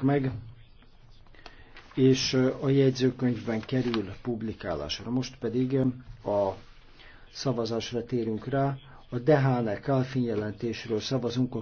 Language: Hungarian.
meg, és a jegyzőkönyvben kerül publikálásra. Most pedig a szavazásra térünk rá. A Dehane Kalfin jelentésről szavazunk a